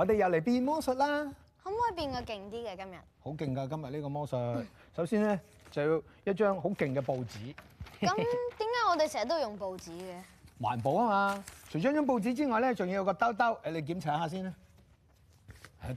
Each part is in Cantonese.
我哋又嚟變魔術啦！可唔可以變個勁啲嘅今日？好勁噶今日呢個魔術。首先咧就要一張好勁嘅報紙。咁點解我哋成日都要用報紙嘅？環保啊嘛！除咗張報紙之外咧，仲要有個兜兜。誒，你檢查下先啦。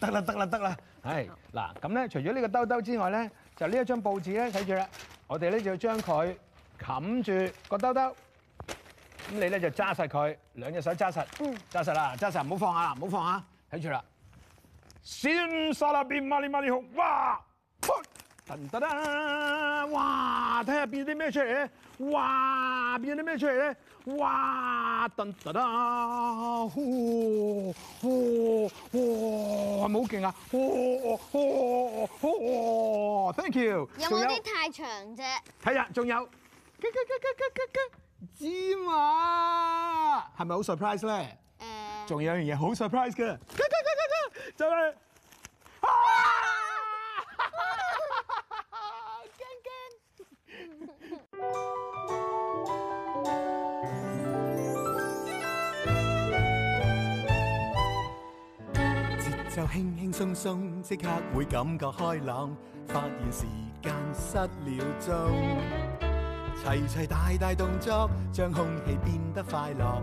得啦得啦得啦！係嗱，咁咧除咗呢個兜兜之外咧，就呢一張報紙咧，睇住啦。我哋咧就要將佢冚住個兜兜。咁你咧就揸實佢，兩隻手揸實，揸實啦，揸實唔好放下啊，唔好放下啊！睇住啦，先殺入邊？馬利馬里紅，哇！噔噔噔，哇！睇下變咗啲咩出嚟？哇！變咗啲咩出嚟？哇！噔噔噔，呼呼呼，係咪好勁啊？呼呼呼呼呼！Thank you。有冇啲太長啫？睇下仲有芝麻，尖啊！係咪好 surprise 咧？仲有樣嘢好 surprise 㗎！走啦！啊！驚、啊、節奏輕輕鬆鬆，即刻會感覺開朗，發現時間失了蹤，齊齊大大動作，將空氣變得快樂。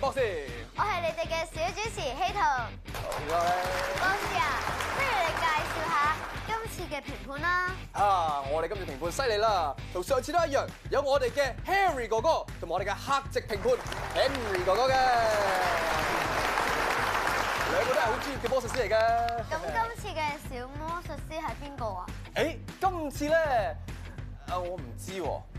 我係你哋嘅小主持希彤。唔該。波士啊，不如你介紹下今次嘅評判啦。啊，我哋今次評判犀利啦，同上次都一樣，有我哋嘅 Harry 哥哥同埋我哋嘅客席評判 Henry 哥哥嘅，兩個都係好專業嘅魔術師嚟噶。咁今次嘅小魔術師係邊個啊？誒，今次咧，啊，我唔知喎。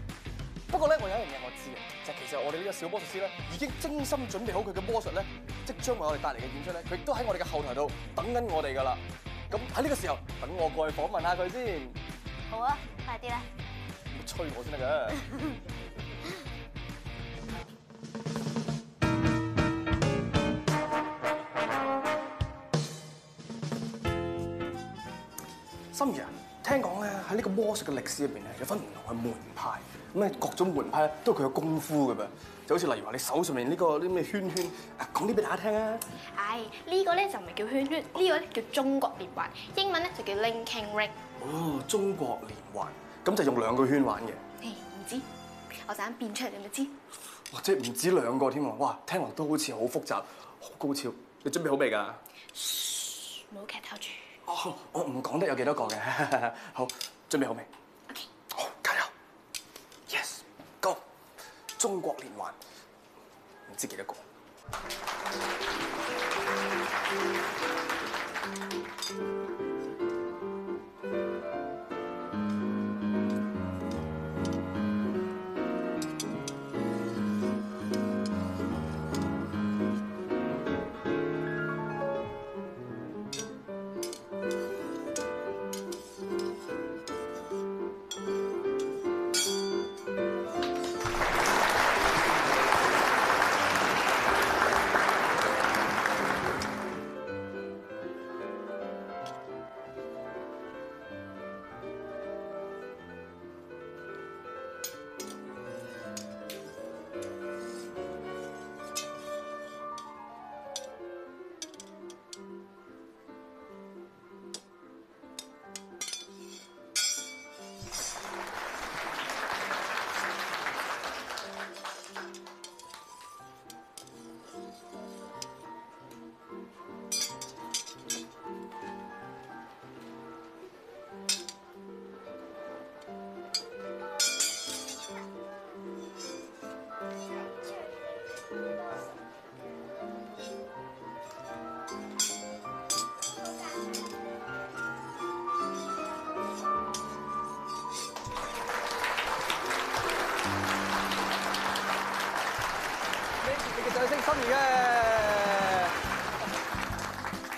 不過咧，我有一樣嘢我知嘅，就係、是、其實我哋呢個小魔術師咧，已經精心準備好佢嘅魔術咧，即將為我哋帶嚟嘅演出咧，佢亦都喺我哋嘅後台度等緊我哋噶啦。咁喺呢個時候，等我過去訪問下佢先。好啊，快啲啦！唔好催我先得㗎。深夜。 聽講咧喺呢個魔術嘅歷史入邊咧有分唔同嘅門派，咁啊各種門派都佢有功夫嘅噃，就好似例如話你手上面呢個啲咩圈圈，講啲俾大家聽啊！唉、哎，呢、呢個咧就唔係叫圈圈，呢、呢個咧叫中國連環，英文咧就叫 Linking Ring。哦，中國連環，咁就用兩個圈玩嘅。唔知，我陣間變出嚟你咪知。或者唔止兩個添。哇，聽落都好似好複雜，好高超。你準備好未㗎？冇劇透住。我我唔講得有幾多個嘅，好，準備好未？好，加油，Yes, go，中國連環，唔知幾多個。嘅，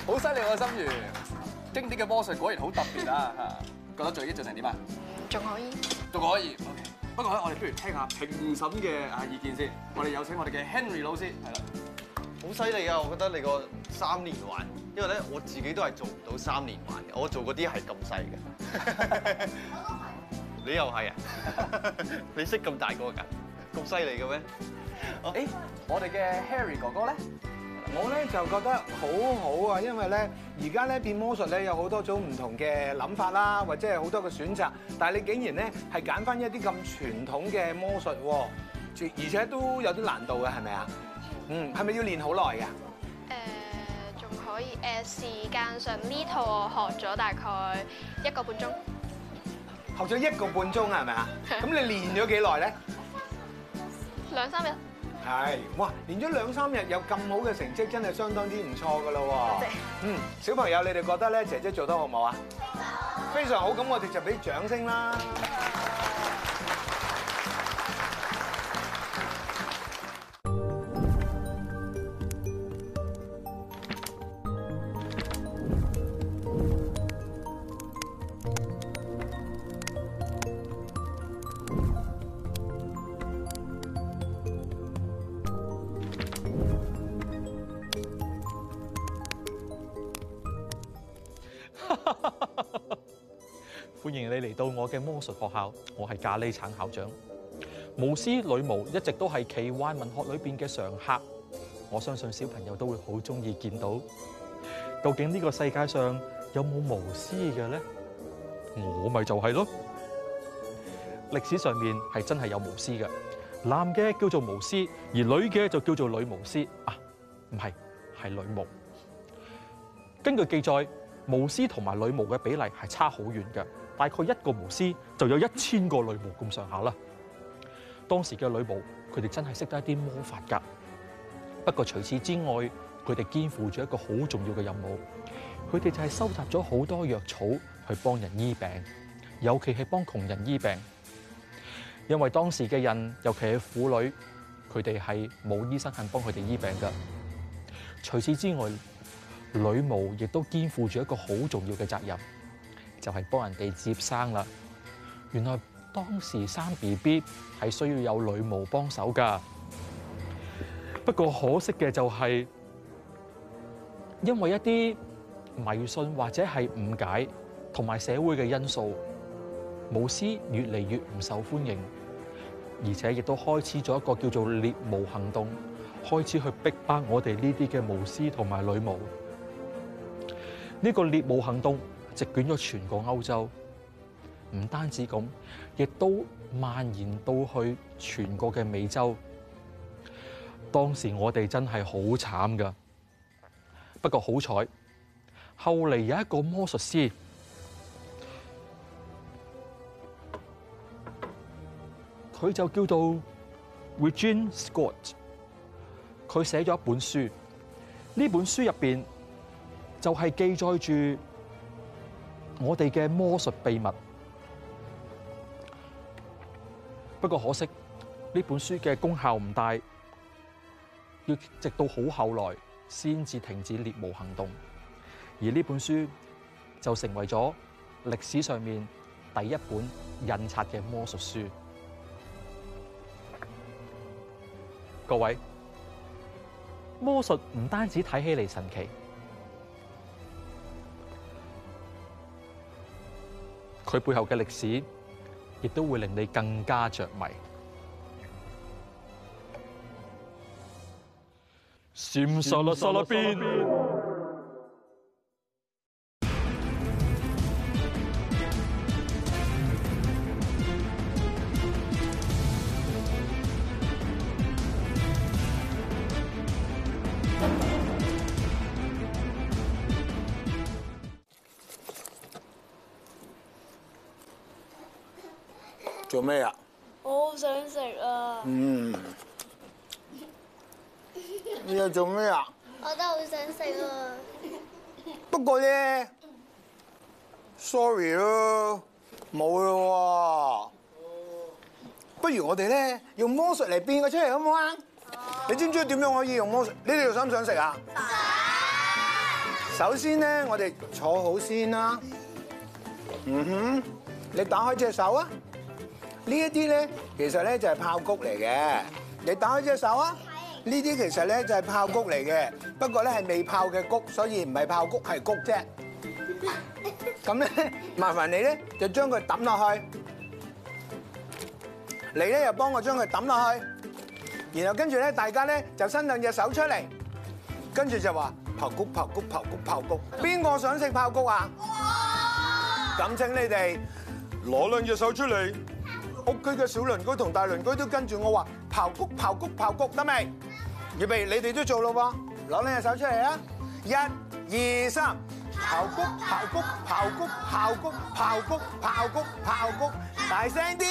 好犀利喎，心如，經典嘅魔術果然好特別啊！ 覺得最啲盡係點啊？仲可以，仲可以，OK。不過咧，我哋不如聽下評審嘅啊意見先。我哋有請我哋嘅 Henry 老師，係啦，好犀利啊！我覺得你個三連環，因為咧我自己都係做唔到三連環嘅，我做嗰啲係咁細嘅。你又係啊？你識咁大個㗎？咁犀利嘅咩？誒，我哋嘅 Harry 哥哥咧，我咧就覺得好好啊，因為咧而家咧變魔術咧有好多種唔同嘅諗法啦，或者係好多嘅選擇，但係你竟然咧係揀翻一啲咁傳統嘅魔術，而且都有啲難度嘅係咪啊？嗯，係咪要練好耐噶？誒、呃，仲可以誒，時間上呢套我學咗大概一個半鐘，學咗一個半鐘啊？係咪啊？咁你練咗幾耐咧？兩三日，係哇！連咗兩三日有咁好嘅成績，真係相當之唔錯㗎喇喎！嗯，小朋友你哋覺得咧，姐姐做得好唔好啊？非常好，非常好！咁我哋就俾掌聲啦。歡迎你嚟到我嘅魔術學校，我係咖喱橙校長。巫師女巫一直都係奇幻文學裏邊嘅常客，我相信小朋友都會好中意見到。究竟呢個世界上有冇巫師嘅咧？我咪就係咯。歷史上面係真係有巫師嘅，男嘅叫做巫師，而女嘅就叫做女巫師。啊，唔係，係女巫。根據記載，巫師同埋女巫嘅比例係差好遠嘅。大概一個巫師就有一千個女巫咁上下啦。當時嘅女巫，佢哋真係識得一啲魔法㗎。不過除此之外，佢哋肩負住一個好重要嘅任務，佢哋就係收集咗好多藥草去幫人醫病，尤其係幫窮人醫病。因為當時嘅人，尤其係婦女，佢哋係冇醫生肯幫佢哋醫病㗎。除此之外，女巫亦都肩負住一個好重要嘅責任。就係幫人哋接生啦。原來當時生 B B 係需要有女巫幫手噶。不過可惜嘅就係，因為一啲迷信或者係誤解同埋社會嘅因素，巫師越嚟越唔受歡迎，而且亦都開始咗一個叫做獵巫行動，開始去逼迫我哋呢啲嘅巫師同埋女巫。呢個獵巫行動。席捲咗全個歐洲，唔單止咁，亦都蔓延到去全個嘅美洲。當時我哋真係好慘㗎，不過好彩，後嚟有一個魔術師，佢就叫做 Regine Scott，佢寫咗一本書。呢本書入邊就係記載住。我哋嘅魔術秘密，不過可惜呢本書嘅功效唔大，要直到好後來先至停止獵巫行動，而呢本書就成為咗歷史上面第一本印刷嘅魔術書。各位，魔術唔單止睇起嚟神奇。佢背後嘅歷史，亦都會令你更加着迷。 做咩啊？我好想食啊！嗯，你又做咩啊？我都好想食啊！不過咧，sorry 咯，冇啦喎。不如我哋咧用魔術嚟變個出嚟好唔好啊？Oh. 你知唔知點樣可以用魔術？你哋想唔想食啊？Bye. 首先咧，我哋坐好先啦。嗯哼，你打開隻手啊！呢一啲咧，其實咧就係爆谷嚟嘅。你打開隻手啊！呢啲其實咧就係爆谷嚟嘅，不過咧係未爆嘅谷，所以唔係爆谷係谷啫。咁咧，麻煩你咧就將佢揼落去。你咧又幫我將佢揼落去。然後跟住咧，大家咧就伸兩隻手出嚟，跟住就話爆谷爆谷爆谷爆谷。邊個想食爆谷啊？咁請你哋攞兩隻手出嚟。屋區嘅小鄰居同大鄰居都跟住我話：刨谷刨谷刨谷得未？預備你哋都做咯喎，攞你隻手出嚟啊！一、二、三，刨谷刨谷刨谷刨谷刨谷刨谷刨谷，大聲啲！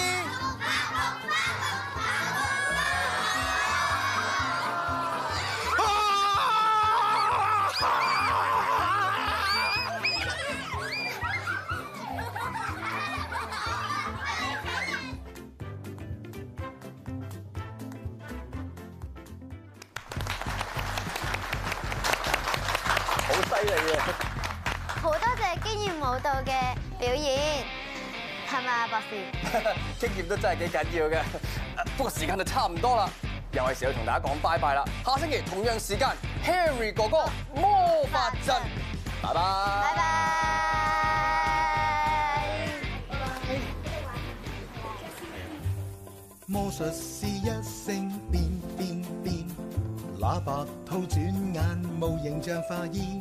舞蹈嘅表演係嘛，博士？經驗都真係幾緊要嘅，不過時間就差唔多啦，又係時候同大家講拜拜啦。下星期同樣時間，Harry 哥哥魔法陣，拜拜。魔術師一聲變變變，變，變叭，那白兔轉眼無形象化煙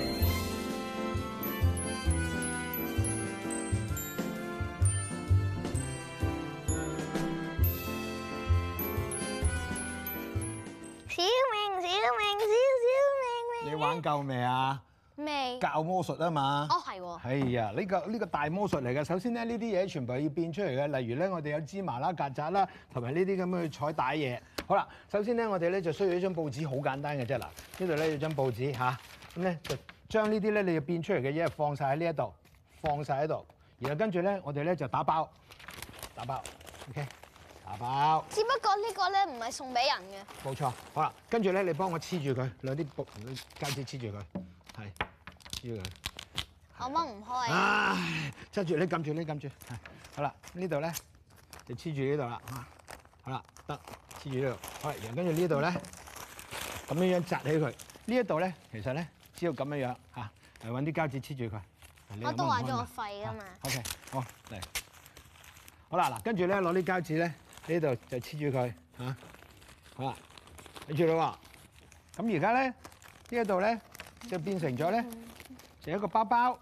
教魔術啊嘛！Oh, 哦，係喎。係呀，呢、這個呢、這個大魔術嚟嘅。首先咧，呢啲嘢全部係要變出嚟嘅。例如咧，我哋有芝麻啦、曱甴啦，同埋呢啲咁嘅彩帶嘢。好啦，首先咧，我哋咧就需要一張報紙，好簡單嘅啫，嗱，呢度咧要張報紙吓。咁、啊、咧就將呢啲咧你要變出嚟嘅嘢放晒喺呢一度，放晒喺度。然後跟住咧，我哋咧就打包，打包，OK，打包。只不過這個呢個咧唔係送俾人嘅。冇錯，好啦，跟住咧，你幫我黐住佢，兩啲布膠紙黐住佢，係。我掹唔開。唉，揸住，你撳住，你撳住。好啦，呢度咧就黐住呢度啦。好啦，得黐住呢度。好，然後跟住呢度咧咁樣樣紮起佢。呢一度咧，其實咧，只要咁樣樣嚇，誒揾啲膠紙黐住佢。我都話咗我廢噶嘛。OK，好嚟。好啦，嗱，跟住咧攞啲膠紙咧，呢度就黐住佢嚇。好啦，睇住喇喎。咁而家咧呢一度咧就變成咗咧。就一個包包，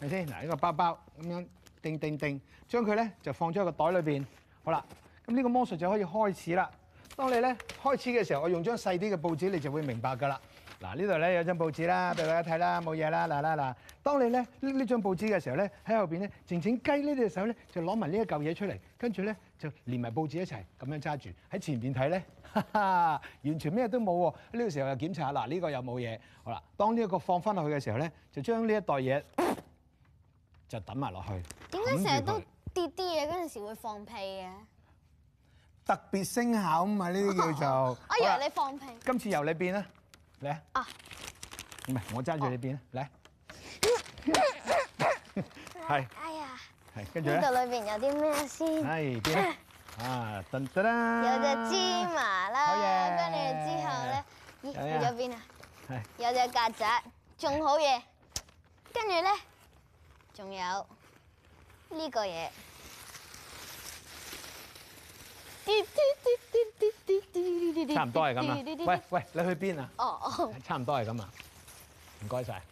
明唔明先？嗱，一個包包咁樣定定定，將佢咧就放咗喺個袋裏邊。好啦，咁呢個魔術就可以開始啦。當你咧開始嘅時候，我用張細啲嘅報紙，你就會明白噶啦。嗱，呢度咧有張報紙啦，俾大家睇啦，冇嘢啦。嗱嗱嗱，當你咧拎呢這張報紙嘅時候咧，喺後邊咧靜靜雞呢隻手咧就攞埋呢一嚿嘢出嚟，跟住咧。連埋報紙一齊咁樣揸住，喺前邊睇咧，哈哈，完全咩都冇喎。呢個時候又檢查，嗱呢個又冇嘢。好啦，當呢一個放翻落去嘅時候咧，就將呢一袋嘢就揼埋落去。點解成日都跌啲嘢嗰陣時會放屁嘅？特別聲效吖嘛，呢啲叫做。我以為你放屁。今次由你變啦，嚟。啊！唔係，我揸住你變啦，嚟。係。睇下裏邊有啲咩先。係點咧？啊，等等啦。有隻芝麻啦，跟住之後咧，去咗邊啊？係。有隻曱甴，仲好嘢。跟住咧，仲有呢個嘢。差唔多係咁啊！喂喂，你去邊啊？哦哦。差唔多係咁啊！唔該晒。